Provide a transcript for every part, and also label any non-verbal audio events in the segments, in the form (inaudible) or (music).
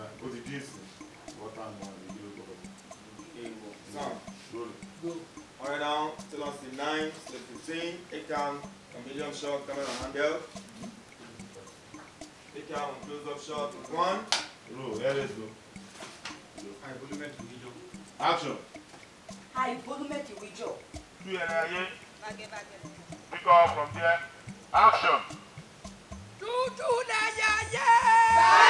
ìgbà ó ti alright now, tell us the nine, slip fifteen, eight down, a and handle. Eight down, close up shot, one. Roll, yeah, let's go. High volume to video. Action. High volume to video. Tutu na ya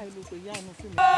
I look, yeah, no,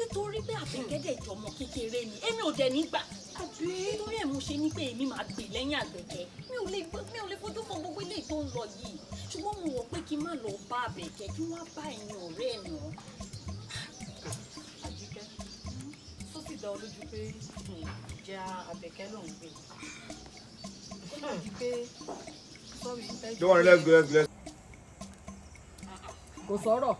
nítorí pé àbẹ̀kẹ́dẹ̀ ìjọmọ kékeré ni èmi ò dẹ̀ nígbà nítorí ẹ̀ mo ṣe ní pé èmi máa gbè lẹ́yìn àgbẹ̀kẹ́ mi ò lè fojú fọ gbogbo ilé tó ń lọ yìí ṣùgbọ́n mo wọ̀ pé kí n má lọ bá àbẹ̀kẹ́ kí wọ́n bá ẹ̀yin ọ̀rẹ́ ẹ̀ nà. àjíkẹ́ tó dá ọ lójú pé hmm, ìjà àbẹ̀kẹ́ ló ń gbé ó sọ̀rọ̀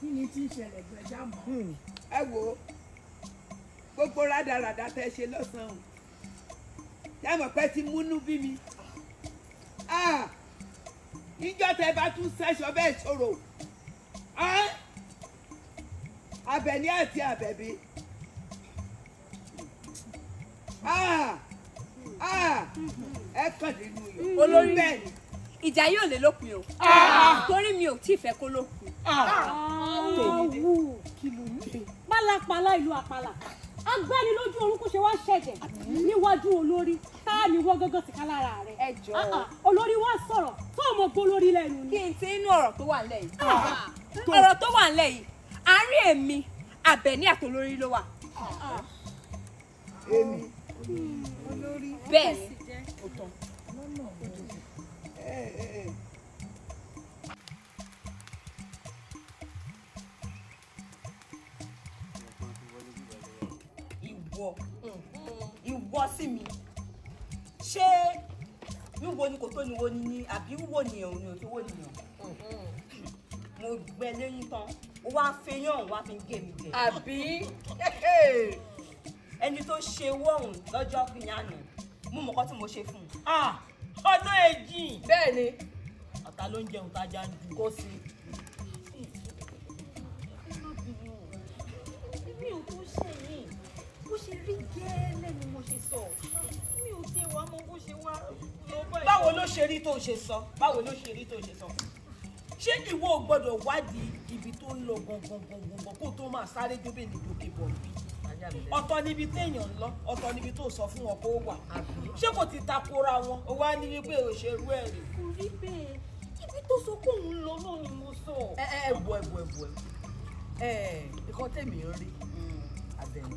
kí ni tí ń ṣẹlẹ̀ gbẹ̀já mọ́. Hmm. ẹ wo gbogbo rádaràda tẹ ṣe lọ́sàn-án yàmọ̀ pé ti múnú bí mi níjọ́ tẹ bá tún ṣẹ́ṣọ bẹ́ẹ̀ ṣòro Àbẹ̀ní àti Àbẹ̀bí ẹ kàn nínú yòó. olórí ìjà yóò lè lópin o torí mi ò tí ì fẹ́ kó lópin àwọ̀ pálapàla ìlú àpàlà agbẹ́ni lójú orun kò ṣe wá ṣẹ̀jẹ̀ níwájú olórí tá a ní wọ́n gángan sìkà lára rẹ̀. ẹ jọ̀ọ́ ah, ah. olórí wa sọ̀rọ̀ tó o mọ̀ pé olórí lẹ́nu ni. kí n ti inú ọ̀rọ̀ tó wà nílẹ̀ yìí ah, ọ̀rọ̀ tó wà nílẹ̀ yìí àárín èmi àbẹ̀ní àtolórí ló wà. èmi olórí bẹ́ẹ̀ ìwọ mm-hmm. ìwọ sí mi ṣé wíwo ni kò tó ni wo ni ni àbí wíwo nìyẹn òun ni ò tó wò nìyẹn mm-hmm. mo gbẹ lẹ́yìn tán ó wá fẹyàn wá fi ń gé mi jẹ. àbí (laughs) ẹni tó ṣe wọ́ọ̀hún lọ́jọ́ kìnyànjú mú mọ́kọ́ tí mo ṣe fún un. Ah! ọdún èjì. bẹ́ẹ̀ ni. ọ̀tá ló ń jẹun tájà ń dùn. kò sí. ṣe rí tó ṣe sọ báwo ló ṣe rí tó ṣe sọ ṣé ìwọ gbọ́dọ̀ wádìí ibi tó ń lọ gbọngbọngbọngbọn kó tó máa sáré jóbè ní gòkè bọ̀ bí ọ̀tọ̀ níbi téèyàn ń lọ ọ̀tọ̀ níbi tó sọ fún wọn kó wà ṣé kò ti takora wọn ó wá ní wípé òṣèrú ẹ̀ rè. kò rí bẹ́ẹ̀ ibi tó sọ pé òun lọ náà ni mo sọ. ẹ ẹ ẹ bọ ẹ bọ ẹ bọ ẹ ẹ nǹkan tèmi ń rí hmm. àbẹ̀wò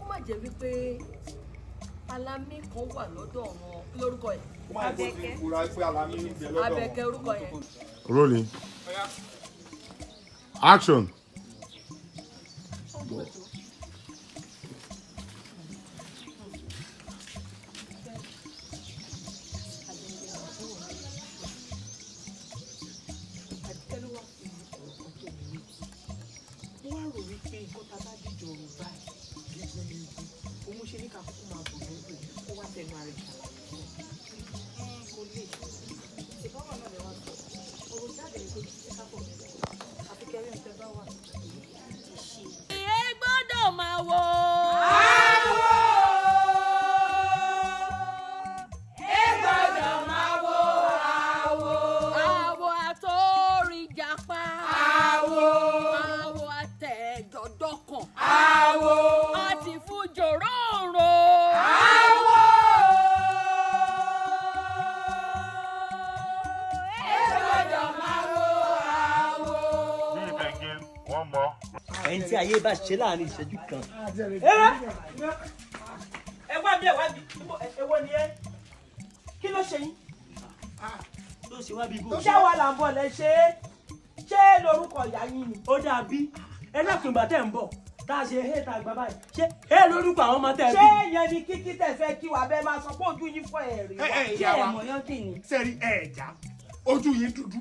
ó má jẹ́ wípé Alami kan wà lọ́dọ̀ wọn lórúkọ yẹn. abẹ́kẹ́ abẹ́kẹ́ orúkọ yẹn. rolling action. ṣàlàyé bá ṣe láàrin ìṣẹ́jú kan. ẹ wá bí ẹ wá bí ewọ ni ẹ kí ló ṣe yín. ló ṣe wá bí bó. ṣé wà là ń bọ̀ lẹ ṣe é ṣé lórúkọ ìyá yín ni. ó dà bí ẹlẹ́kùn ìgbà tẹ̀ ń bọ̀ tá a ṣe hé ta gbà báyìí ṣé hé lórúkọ àwọn ọmọ tẹ̀ bí. ṣé ìyẹn ni kíkí tẹ̀ fẹ́ kí wà bẹ́ẹ̀ máa sọ pé ojú yín fọ ẹ̀rí wa ṣé ẹ̀mọ̀yán kì ni. sẹ́rí ẹ̀ẹ́dá ojú yín dúdú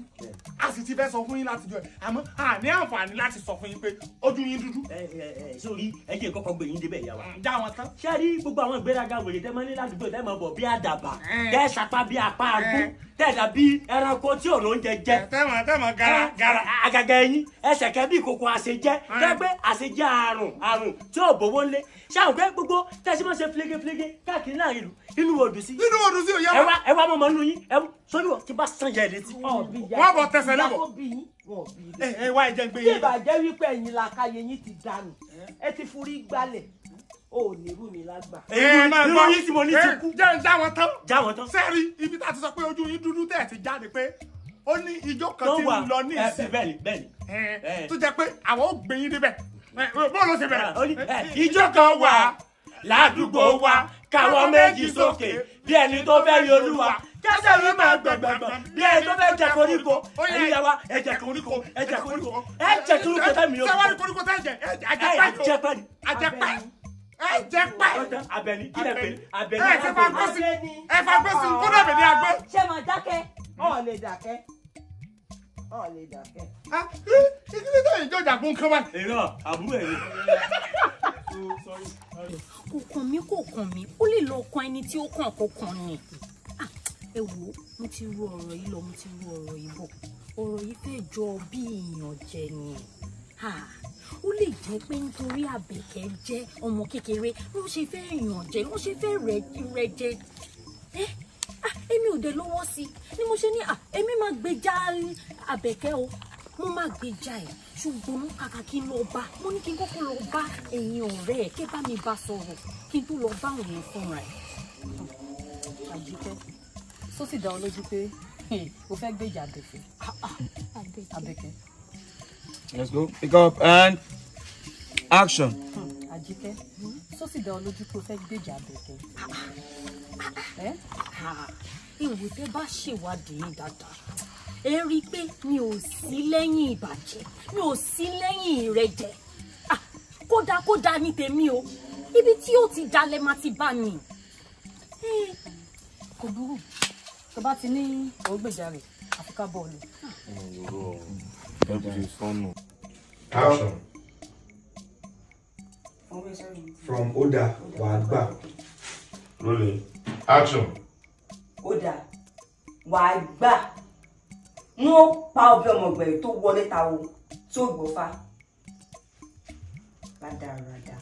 a sì ti fẹ́ sọ fún yín láti jọ ẹ̀ àmọ́ a ní àǹfààní láti sọ fún yín pé ojú yín dúdú. ẹ ẹ ẹjẹ kọkọ gbé yín débẹ̀ ìyá wa. já wọn tán. ṣé rí gbogbo àwọn ìgbéraga wèrè tẹ́ máa ń ní ládùúgbò tẹ́ máa bọ̀ bí àdàbà tẹ́ sapá bí apá agbó tẹ́ dàbí ẹranko tí ọ̀rọ̀ oúnjẹ jẹ. tẹ́mọ̀ tẹ́mọ̀ gara gara. àgàgà ẹyin ẹsẹ̀ kẹ́ bí kòkò àṣejẹ kẹ́gbẹ́ àṣejẹ àrùn àrùn tí ò bówó ńlé ṣáà pé gbogbo tẹ́sí máa ṣe flegeflege káàkiri náà ìlú inú odò sí. inú odò sí òyà wa. ẹ wá ẹ wá mọ̀mọ́ nínú yín ẹ sọ́dọ̀ tí bá sàn yẹn létí. wọ́n bọ̀ tẹsẹ̀ lẹ́bọ̀. ẹ ẹ wá ẹjẹ ń gbé yín. bí ìbàjẹ́ wípé ẹ̀yin làkàyè yín ti dànù eh? ẹ ti forí gbalẹ̀ o ò ní rú mi lágbà. èyí eh, máa gbọ́ yín tí mo ní ti eh, kú. jẹ́ ń já wọn tán. já wọn tán. sẹ́ẹ̀rì ibi tá a ti sọ pé ojú yín dúdú tẹ̀ ti jáde pé ó ní ijó kan tí ń lọ ní ìsìn. bẹ́ẹ̀ni bẹ́ẹ̀ni. tó jẹ́ pé àwọn ò gbé yín débẹ̀ bọ́ọ̀lù ṣe bẹ̀rẹ̀. Ah, ijó kan wà ládùúgbò wa káwọn méjì sókè bí ẹni tó fẹ́ yọ olúwa kẹsẹ̀ mi máa gbẹ̀gbẹ̀gbẹ̀ bí ẹ tó fẹ́ jẹ koríko ẹ̀yin yà wá ẹ jẹ koríko ẹ jẹ koríko ẹ jẹ koríko tẹ́ mi yóò fún ẹ jẹ pẹ́ni ẹ jẹ pẹ. abẹni kí lè pè abẹni. ẹ ti gbèsè ẹ fa gbèsè kó dàbí ní agbẹ. ṣé mo dákẹ́ ọ̀ lè dákẹ́ ọ̀ lè dákẹ́. a ah, kí ni sẹ́yìn jọjà gún kán wá. èrò àbúrò ẹ̀ ni. kò kàn mí kò kàn mí ó lè lọ kan ẹni tí ó kàn kó kàn ni ẹ wò ó mo ti ru ọ̀rọ̀ yìí lọ mo ti ru ọ̀rọ̀ yìí bọ̀ ọ̀rọ̀ yìí fẹ́ jọ bí ìyànjẹ ni ó lè jẹ́ pé nítorí àbẹ̀kẹ́ jẹ́ ọmọ kékeré ló ṣe fẹ́ ìyànjẹ ló ṣe fẹ́ rẹ́jẹ èmi ò dé lọ́wọ́ sí ni mo ṣe ní èmi máa gbèjà àbẹ̀kẹ́ o mo máa gbèjà ẹ̀ ṣùgbọ́n mo kàkà kí n lọ bá mo ní kí n kọ́kọ́ lọ bá ẹ̀yin ọ̀rẹ́ ẹ̀ kẹ́ bá mi bá sọ̀rọ̀ kí n tó lọ bá òun fúnra ẹ̀ só sì dá ọ um lójú pé o fẹ́ gbèjà àbẹ̀fẹ́. àbẹ̀kẹ́. let's go pick up and action. àjíkẹ́ só sì dá ọ um lójú pé o fẹ́ gbèjà àbẹ̀kẹ́. Ah, eh? ah, ah. ìwé tẹ́ bá ṣèwádìí dáadáa ẹ rí i pé mi ò sí lẹ́yìn ìbàjẹ́ mi ò sí lẹ́yìn ìrẹ́jẹ kódà kódà ní tèmi o ibi tí ó ti dalẹ̀ máa ti bá mi. Eh, kò burú tó bá ti ní ògbèjà rẹ̀ àfikà bọ́ọ̀lù. from oda wàá gbà. rolling action. oda wàá gbà n ó pa ọbẹ̀ ọmọgbẹ̀rẹ̀ tó wọlé ta o tó gbọ́fà rádaràdà.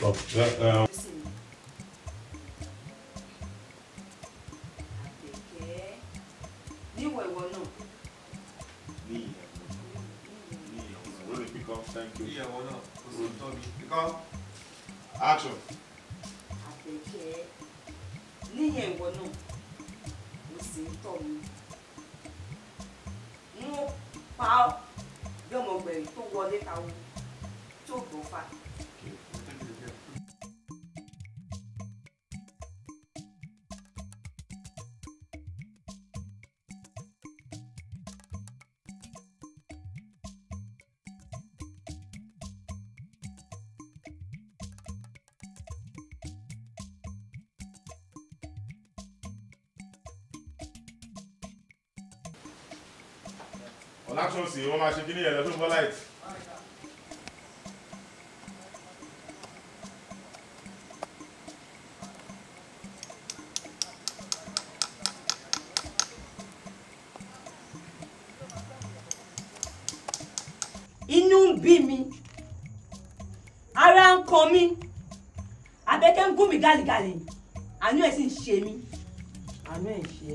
Look, that, um, Thank you. Yeah, well, no. Because uh, action. Àpèkẹ́ níyẹn ìwọ náà mo sì ń tọ̀ mi. Mo pa ọ́ bí ọmọ láction sí wọ́n máa ṣe kíní ẹ̀rọ tó ń bọ́ láìtì. inú ń bí mi ara ń kan mi abẹ́kẹ́ ń gún mi gàlìgàlì àánú ẹ̀ sì ń ṣe mí àánú ẹ̀ ń ṣe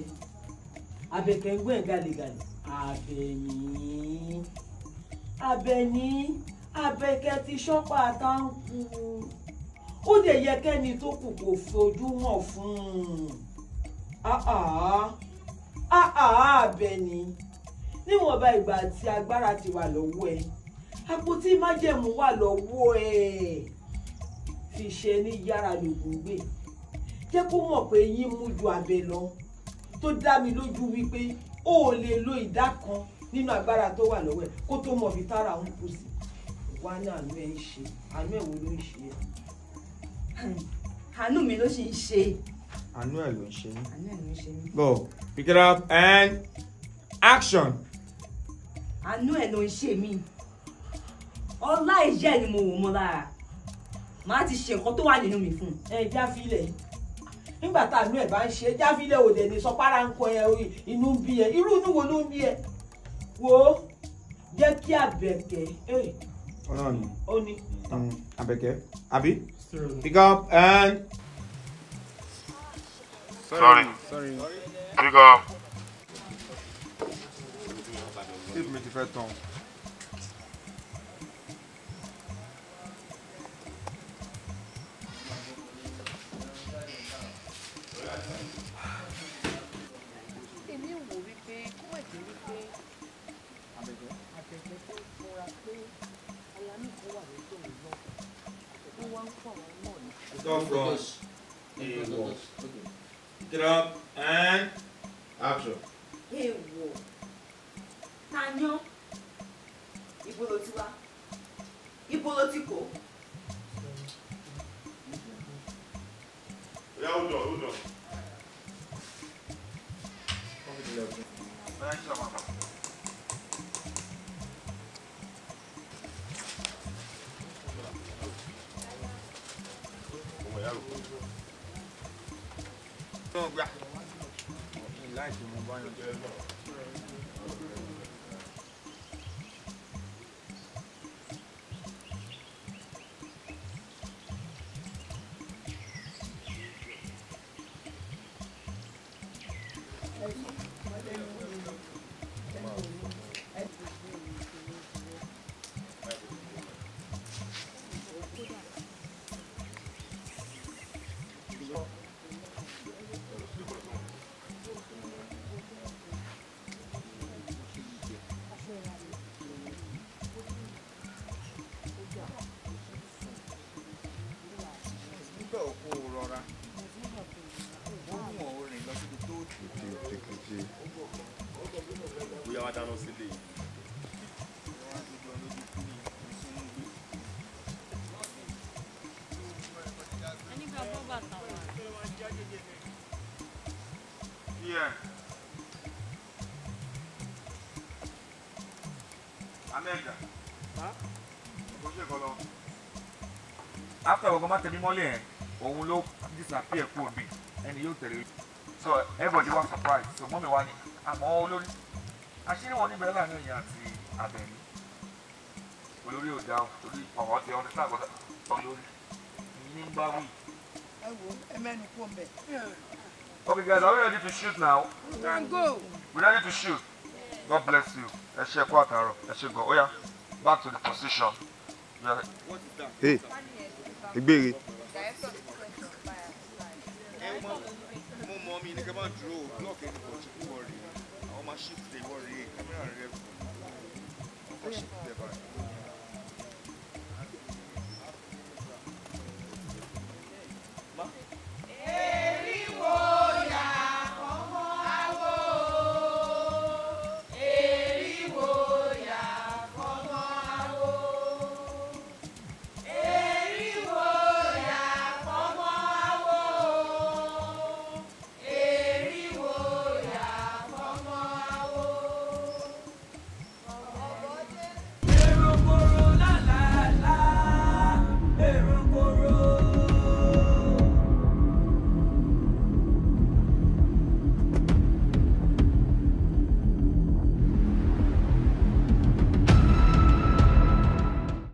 abẹ́kẹ́ ń gún ẹ̀ gàlìgàlì. Àbẹ̀ní Àbẹ̀ní Àbẹ̀kẹ́ ti ṣọ́pà táǹkù ó dẹ̀ yẹ kẹ́ni tó kù kò fojú hàn fún un Àbẹ̀ní níwọ̀nba ìgbà tí agbára ti wà lọ́wọ́ ẹ àpótí májẹ̀mú wà lọ́wọ́ ẹ fi ṣe ní yàrá lògùn gbé jẹ́ kó mọ̀ pé yín mú ju abẹ lọ tó dá mi lójú wípé o ò lè lo ìdá kan nínú agbára tó wà lọ́wọ́ ẹ̀ kó tó mọ̀ fi tára òun kù sí wá ní àánú ẹ̀ ń ṣe àánú ẹ̀ wo ló ń ṣe ẹ̀. àánú mi ló ṣe ń ṣe. àánú ẹ̀ ló ń ṣe mí. àánú ẹ̀ ló ń ṣe mí. go pick it up and action. àánú ẹ̀ ló ń ṣe mí ọlá ìyá ẹ̀ ni mo wò mọ́ lára màá ti ṣe nǹkan tó wà nínú mi fún ẹ já yìí nígbà tá àánú ẹ̀ bá ń ṣe é jáfílẹ̀ òde ní sọpárá ń kọ ẹ inú ń bí ẹ irú inú wo ló ń bí ẹ wo jẹ́ kí àbẹ̀kẹ́ eh, ọlọ́run ó ní. àbẹ̀kẹ́ àbí pick up and. sorry sorry pick up. go from he walked. Get up and action. He walked. Tanyo. Ibo lo ti wá. Ibo lo ti kó. Yeah, hold on, Thank you, Mama. Thank you, mon bain. Thank you. ṣe bóyá wá dáná sílé yìí. Yeah. Amẹ́ga. Kò ṣe kọ́ lọ. After ọgọ́ má tẹ̀mí mọ́lẹ̀ ẹ̀, òun ló disappear kúrò bí ẹni yóò tẹ̀lé so everybody was surprised so mọ́mi wa ni àmọ́ olórí àṣírí wọn níbẹ̀rẹ̀ láàrin èèyàn àti abẹ̀mí olórí ò dáhùn torí ọ̀rọ̀ ti ọdún náà gbọ́dọ̀ olórí ní bá wí. ẹ wo ẹ mẹ́nu kó mbẹ. Okay guys, are we ready to shoot now? We can go. We ready to shoot. God bless you. Ẹ ṣe ẹ̀kọ́ àtàrọ̀, ẹ ṣe gbọ̀. Oya, back to the position. Yeah. Hey, Ìgbèrè. mo mọ mi ní kẹ́ máa dúró block ẹni bọ̀ tí kò àwọn shift dey camera rẹ̀ kò shift dey